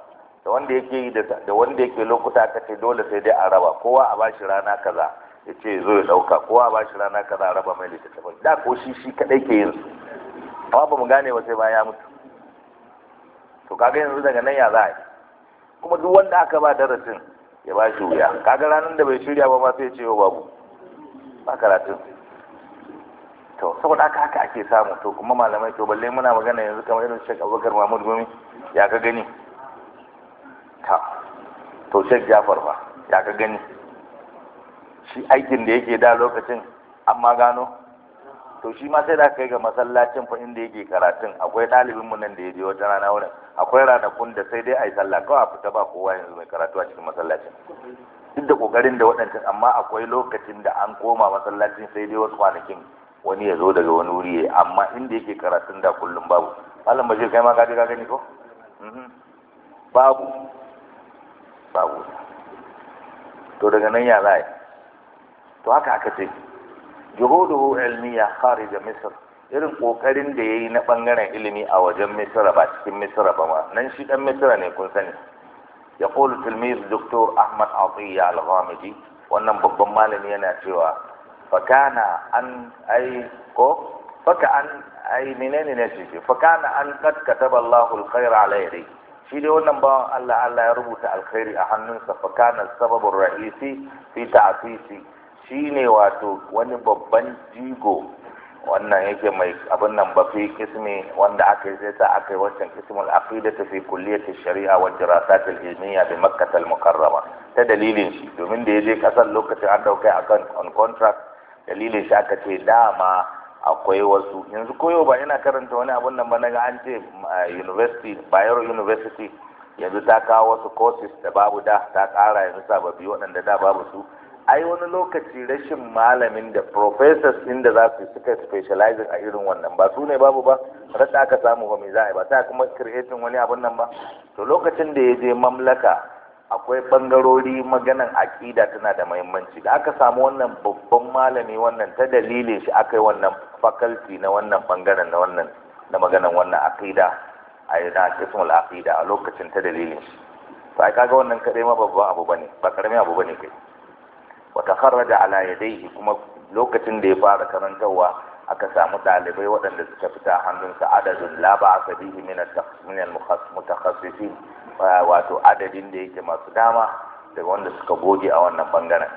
da wanda yake yi da wanda yake lokuta aka ce dole sai dai a raba kowa a bashi rana kaza ya ce zo ya dauka kowa a bashi rana kaza a raba mai littattafai da ko shi shi kadai ke yin su amma ba mu gane ba sai ba ya mutu to kaga yanzu daga nan ya za a yi kuma duk wanda aka ba darasin ya ba shi wuya kaga ranar da bai shirya ba ma sai ce yau babu ba karatun to saboda haka haka ake samu to kuma malamai to balle muna magana yanzu kamar irin shek abubakar mahmud gomi ya ka gani to shek jafar ba ya ka gani shi aikin da yake da lokacin amma gano to shi ma sai da kai ga masallacin fa inda yake karatun akwai ɗalibin mu nan da ya wata rana wurin akwai ranakun da sai dai ai sallah kawai a fita ba kowa yanzu mai karatu a cikin masallacin duk da kokarin da waɗancan amma akwai lokacin da an koma masallacin sai dai wasu kwanakin wani ya zo daga wani wuri amma inda yake karatun da kullum babu malam bashir kai ma ka ka gani ko mhm. babu babu to daga nan ya zai to haka aka ce juhuduhu ilmiya kharija misr irin kokarin da yayi na bangaren ilimi a wajen misra ba cikin misra ba ma nan shi dan misra ne kun sani Ya يقول تلميذ دكتور أحمد al الغامدي wannan babban malami yana cewa fakana an ai ko faka an ai menene ne shi fakana an kad kataba Allahu alkhair ala yadi shi dai wannan bawan Allah Allah ya rubuta alkhairi a hannunsa fa kana sababur ra'isi fi ta'fisi shine wato wani babban jigo wannan yake mai abin nan ba fi kismi wanda aka yi sai aka yi wancan kismul aqidatu fi kulliyati shari'a wa dirasat al-ilmiya bi makkah al-mukarrama ta dalilin shi domin da yaje kasar lokacin an a akan on contract dalilin shi aka ce dama akwai wasu yanzu koyo ba ina karanta wani abun nan ba na ga an ce university bayero university yanzu ta kawo wasu courses da babu da ta kara yanzu sababbi waɗanda da babu su ai wani lokaci rashin malamin da professors din da za su suka specializing a irin wannan ba su ne babu ba rasa aka samu ba mai za a yi ba ta kuma creating wani abun nan ba to lokacin da ya je mamlaka akwai ɓangarori maganan aƙida tana da mahimmanci da aka samu wannan babban malami wannan ta dalilin shi aka yi wannan faculty na wannan ɓangaren na wannan na maganan wannan aƙida a yi na aƙida a lokacin ta dalilin shi Sai kaga wannan kaɗai ma babban abu bane ba ƙaramin abu bane kai wata kharraja ala yadayhi kuma lokacin da ya fara karantarwa aka samu ɗalibai waɗanda suka fita hannunsa adadin la ba a sabihi min al-mutakhassisin wato adadin da yake masu dama daga wanda suka goge a wannan bangaren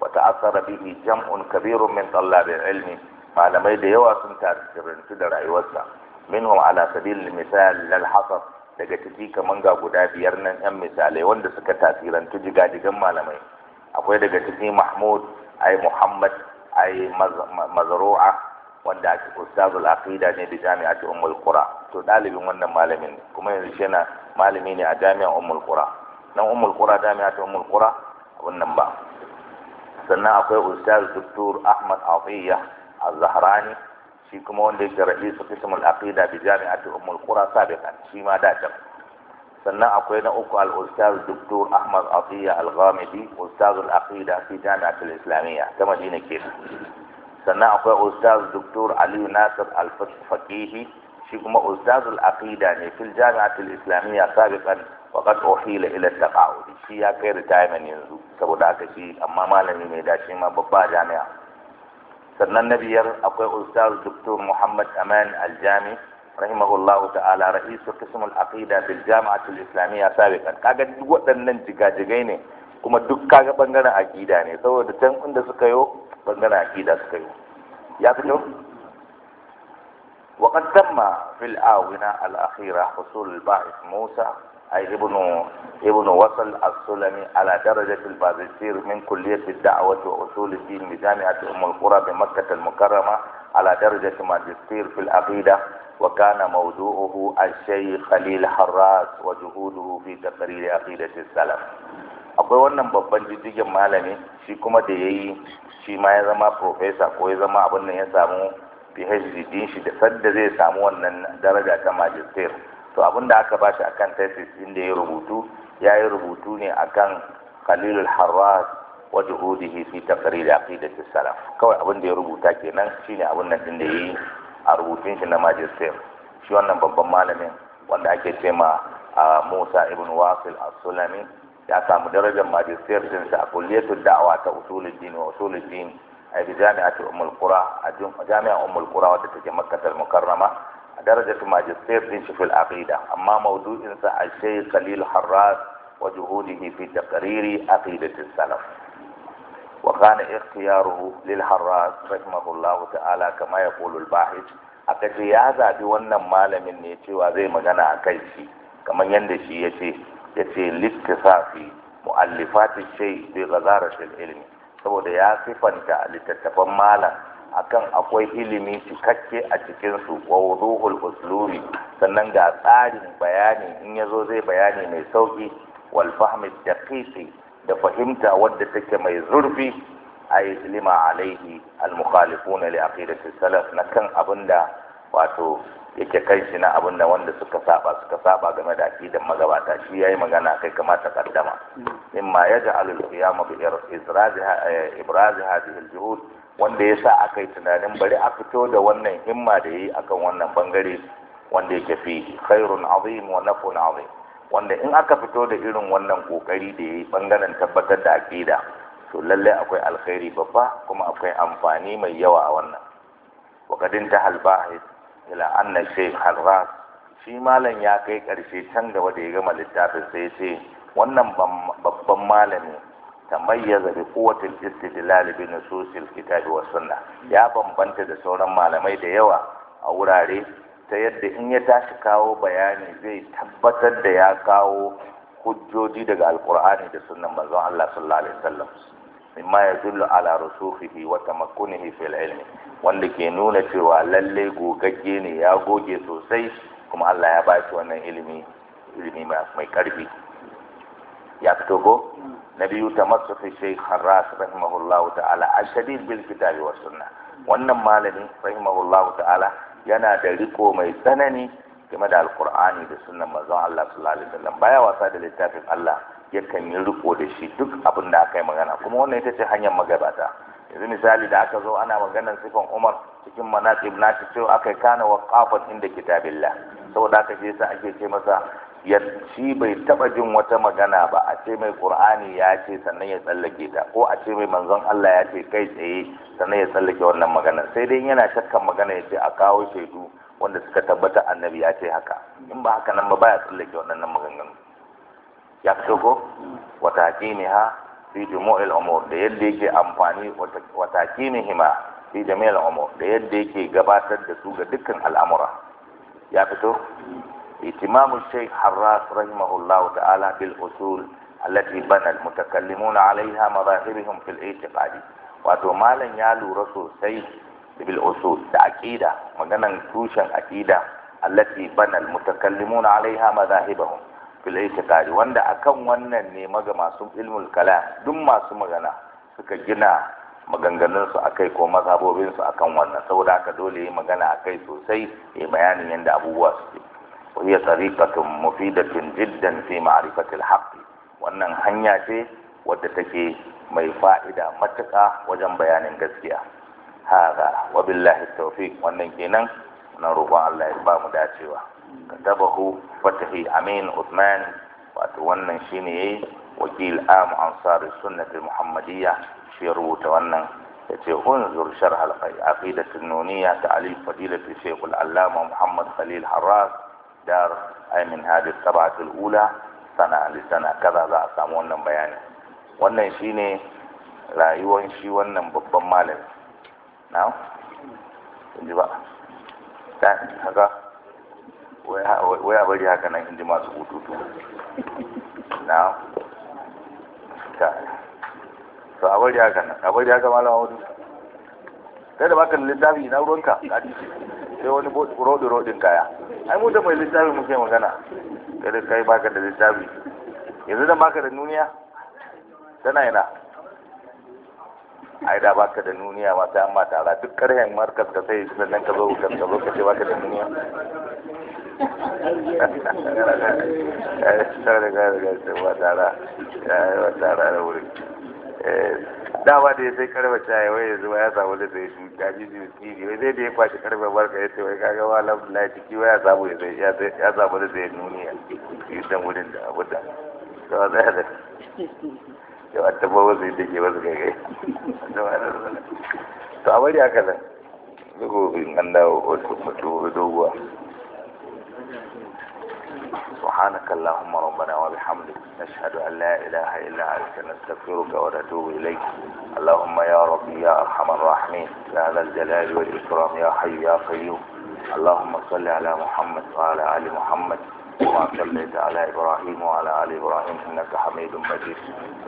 wata asara bihi jam'un kabirun min tallabin ilmi malamai da yawa sun tasirantu da rayuwarsa minhum ala sabilil misal lal hasab daga ciki kaman ga guda biyar nan yan misalai wanda suka tasirantu jigajigan malamai akwai daga ciki mahmud ai muhammad ai mazru'a wanda ake ustazul aqida ne da jami'atu ummul qura to dalibin wannan malamin kuma yanzu yana malami ne a jami'a ummul qura nan ummul qura jami'a ta ummul qura wannan ba sannan akwai ustaz dr ahmad afiya az-zahrani shi kuma wanda yake ra'isu qismul aqida bi jami'a ta ummul qura sabiqan shi ma da ta sannan akwai na uku al-ustaz dr ahmad afiya al-ghamidi ustaz al-aqida fi jami'a al-islamiyya ta madina kenan sannan akwai ustaz dr ali nasir al-faqihi shi kuma ustazul aqida ne fil jami'atul islamiyya sabiqan wa qad uhila ila taqaudi shi ya kai retirement yanzu saboda haka shi amma malami ne da shi ma babba jami'a sannan na biyar akwai ustaz dr muhammad aman aljami rahimahullah ta'ala ra'isu qismul aqida fil jami'atul islamiyya sabiqan kaga duk waɗannan jigajigai ne kuma duk kaga bangaren aqida ne saboda can inda suka yo bangaren aqida suka yo ya fito وقد تم في الآونة الأخيرة حصول الباحث موسى أي ابن ابن وصل السلمي على درجة البازيسير من كلية الدعوة وأصول الدين بجامعة أم القرى بمكة المكرمة على درجة ماجستير في العقيدة وكان موضوعه الشيخ خليل حراس وجهوده في تقرير عقيدة السلف akwai wannan babban jijjigen malami shi kuma da ya yi shi ma ya zama profesa ko ya zama abin nan ya samu phd din shi da sadda zai samu wannan daraja ta magister to abin da aka bashi akan thesis da ya rubutu ya yi rubutu ne akan khalilul harras wa juhudihi fi taqrir aqidati salaf kawai abin da ya rubuta kenan shine abin nan din da yayi a rubutun shi na magister shi wannan babban malamin wanda ake cema Musa ibn Wasil as-Sulami ya samu darajar magister din sa a kulliyatul da'wa ta usuluddin wa usuluddin بجامعة أم القرى جامعة أم القرى وتتجه مكة المكرمة درجة ماجستير دين في العقيدة أما موضوع إنسى الشيخ خليل حراس وجهوده في تقرير عقيدة السلف وكان اختياره للحراس رحمه الله تعالى كما يقول الباحث akace ya zaɓi wannan malamin ne cewa zai مجانا a كما shi kamar yadda shi ya ce ya ce littisafi mu'allifati saboda ya sifanta littattafan malam akan akwai ilimi cikakke a cikinsu wa wuduhul uslubi sannan ga tsarin bayani in ya zo zai bayani mai sauƙi wal fahmi daqiqi da fahimta wadda take mai zurfi ay lima alaihi al mukhalifuna li aqidati salaf na kan abinda wato yake kai shi na abin da wanda suka saba suka saba game da aqidan magabata shi yayi magana kai kama ta kaddama ma yaj'al al-qiyam bi izraziha eh, ibraz hadhihi al-juhud wanda yasa aka tunanin bari a fito da wannan himma da yayi akan wannan bangare wanda yake fi khairun azim wa nafun azim wanda in aka fito da irin wannan kokari da yayi bangaren tabbatar da aqida to lallai akwai alkhairi babba kuma akwai amfani mai yawa a wannan wakadin ta halbahis ila anna shaykh harras shi malam ya kai ƙarshe can gaba da ya gama littafin sai ya ce wannan babban malami tamayyaza bi quwwatil istidlal bi nususil kitabi was sunnah ya bambanta da sauran malamai da yawa a wurare ta yadda in ya tashi kawo bayani zai tabbatar da ya kawo hujjoji daga alkur'ani da sunan manzon Allah sallallahu alaihi wasallam mimma ya zullu ala rusufihi wa tamakkunihi fil ilmi wanda ke nuna cewa lalle gogagge ne ya goge sosai kuma Allah ya bashi wannan ilimi ilimi mai karfi ya fito ko na biyu fi shaykh harras rahimahullahu ta'ala ashadid bil kitabi wa sunnah wannan malami rahimahullahu ta'ala yana da riko mai tsanani game da alqur'ani da sunnan manzon Allah sallallahu alaihi wasallam baya wasa da littafin Allah yakan yi riko da shi duk abin da aka yi magana kuma wannan ita ce hanyar magabata yanzu misali da aka zo ana maganar sifan umar cikin manaqib na shi cewa aka kana waqafan inda kitabillah saboda aka je sa ake ce masa ya shi bai taba jin wata magana ba a ce mai qur'ani ya ce sannan ya tsallake ta ko a ce mai manzon Allah ya ce kai tsaye sannan ya tsallake wannan magana sai dai yana shakkan magana ya ce a kawo shaidu wanda suka tabbata annabi ya ce haka in ba haka nan ba baya tsallake wannan maganganu Ya wata wa ha fi jumu'il umur da yadda yake amfani wata wa taqimihima fi jami'il umur da yadda yake gabatar da su ga dukkan al'amura ya fito itimamu shaykh harras rahimahullahu ta'ala bil usul allati bana al mutakallimuna 'alayha madahirihum fil i'tiqadi wato malam ya lura sosai bil usul da aqida maganan tushen aqida allati bana al mutakallimuna 'alayha madahibahum fil itiqadi wanda akan wannan ne maga masu ilmul kala duk masu magana suka gina maganganun su akai ko mazhabobin su akan wannan saboda haka dole yi magana akai sosai ya bayanin yadda abubuwa suke wa hiya tariqatun mufidatin jiddan fi ma'rifatil haqq wannan hanya ce wadda take mai fa'ida matuka wajen bayanin gaskiya haza wa billahi tawfiq wannan kenan na roƙon Allah ya ba mu dacewa katabahu fatahi amin usman wato wannan shine yayi wakil am ansar sunnatul muhammadiyya shi rubuta wannan yace unzur sharh al aqidatun nuniyya ta'alif fadilatu shaykh al allama muhammad khalil harras dar ay min hadhihi tab'at al ula sana li za a samu wannan bayani wannan shine rayuwar wannan babban malami na'am waya bari haka nan inji masu hututu na ta so a bari haka nan a bari haka malama wadu kai da baka littafi na ruwanka a ciki sai wani rodin rodin kaya ai mu da mai littafi muke magana kai da kai baka da littafi yanzu da baka da nuniya? tana yana ai da baka da nuniya ma sai an ma tara duk karhen markas ka sai sannan ka zo ka zo ka ce baka da nuniya da ya sai karfe wai ya samu da wai zai da ya kwashi barka ya ce wai kaga ciki wai ya samu ya samu da sai nuniya yi dan wurin da abu da ta zai da yau a taba wasu yadda ke wasu gaigai to a bari haka nan zuko bin an dawo wasu mutu doguwa سبحانك اللهم ربنا وبحمدك نشهد أن لا إله إلا أنت نستغفرك ونتوب إليك اللهم يا ربي يا أرحم الراحمين يا ذا الجلال والإكرام يا حي يا قيوم اللهم صل على محمد وعلى آل محمد وصليت صليت على إبراهيم وعلى آل إبراهيم إنك حميد مجيد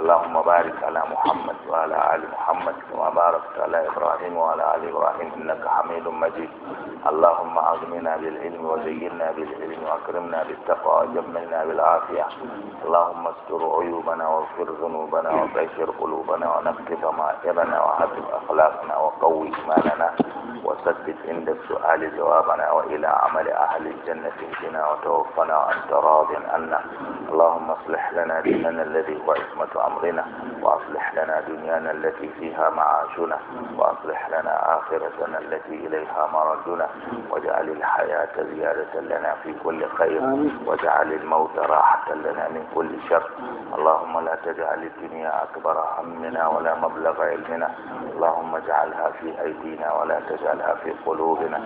اللهم بارك على محمد وعلى آل محمد كما باركت على إبراهيم وعلى آل إبراهيم إنك حميد مجيد اللهم أغننا بالعلم وزينا بالعلم وأكرمنا بالتقوى وجملنا بالعافية اللهم استر عيوبنا واغفر ذنوبنا وبشر قلوبنا ونقي ضمائرنا وحسب أخلاقنا وقوي إيماننا وسدد عند السؤال جوابنا وإلى عمل أهل الجنة اهدنا وتوفنا عنا أنت راض عنا اللهم اصلح لنا ديننا الذي هو عصمة أمرنا وأصلح لنا دنيانا التي فيها معاشنا وأصلح لنا آخرتنا التي إليها مردنا واجعل الحياة زيادة لنا في كل خير واجعل الموت راحة لنا من كل شر اللهم لا تجعل الدنيا أكبر همنا ولا مبلغ علمنا اللهم اجعلها في أيدينا ولا تجعلها في قلوبنا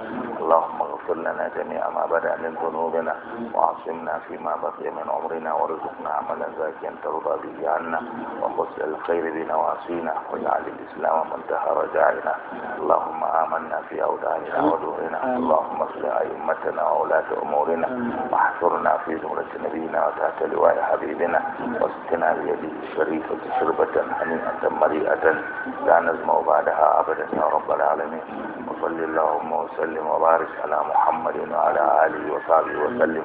اللهم اغفر لنا جميع ما بدأ من ذنوبنا وعصر واحسننا فيما بقي من عمرنا وارزقنا عملا زاكيا ترضى به عنا وخذ الخير بنواسينا واجعل الاسلام منتهى رجائنا اللهم امنا في اوداننا ودورنا اللهم اصلح ائمتنا وولاة امورنا واحشرنا في زمرة نبينا وتحت لواء حبيبنا واسقنا بيده الشريفة شربة هنيئة مريئة لا نزمع بعدها ابدا يا رب العالمين وصل اللهم وسلم وبارك على محمد وعلى اله وصحبه وسلم